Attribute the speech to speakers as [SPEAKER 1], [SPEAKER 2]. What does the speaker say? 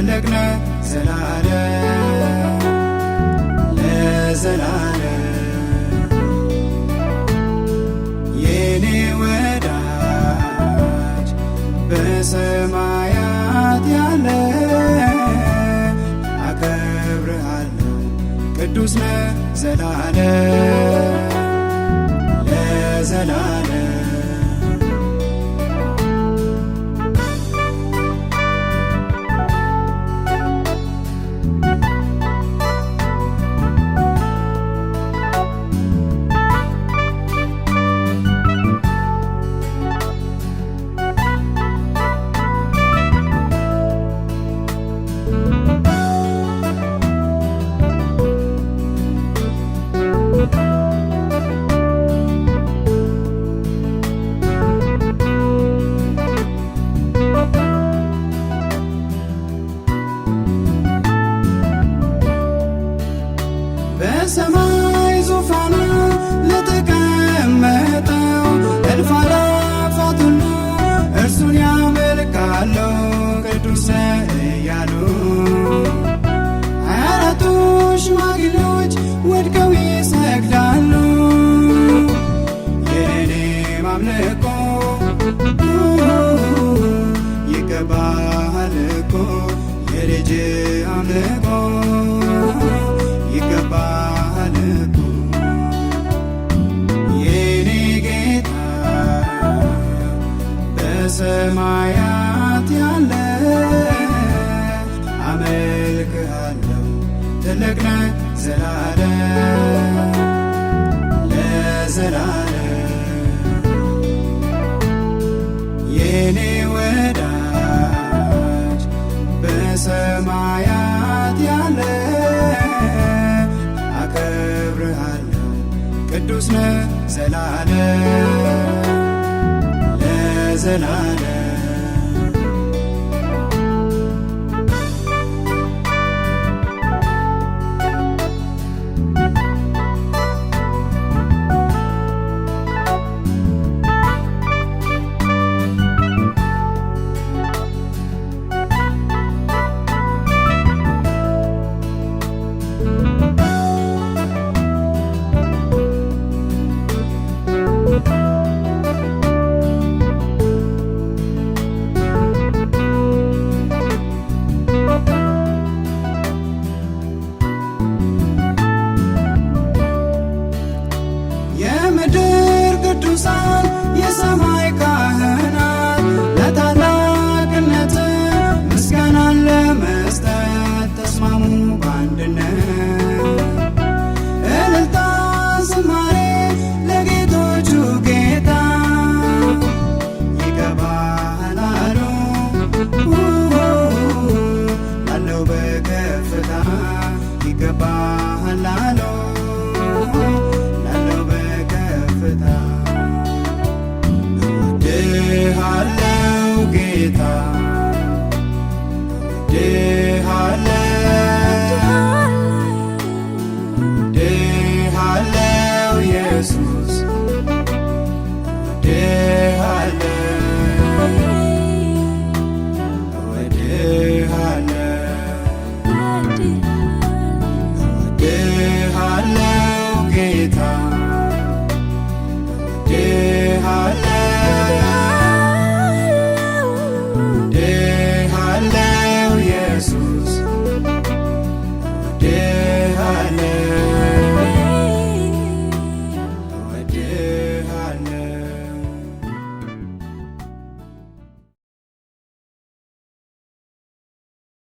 [SPEAKER 1] ትልቅነ ዘላለ ለዘላለ የኔ ወዳጅ በሰማያት ያለ አከብርሃለሁ ቅዱስነ ዘላለ ለዘላለ ይገባል እኮ የልጅ አምልኮ ይገባል እኮ የኔ ጌታ በሰማያ ቅዱስ ነ ዘላለ ለዘላለ ቅዱሳን የሰማ Yeah.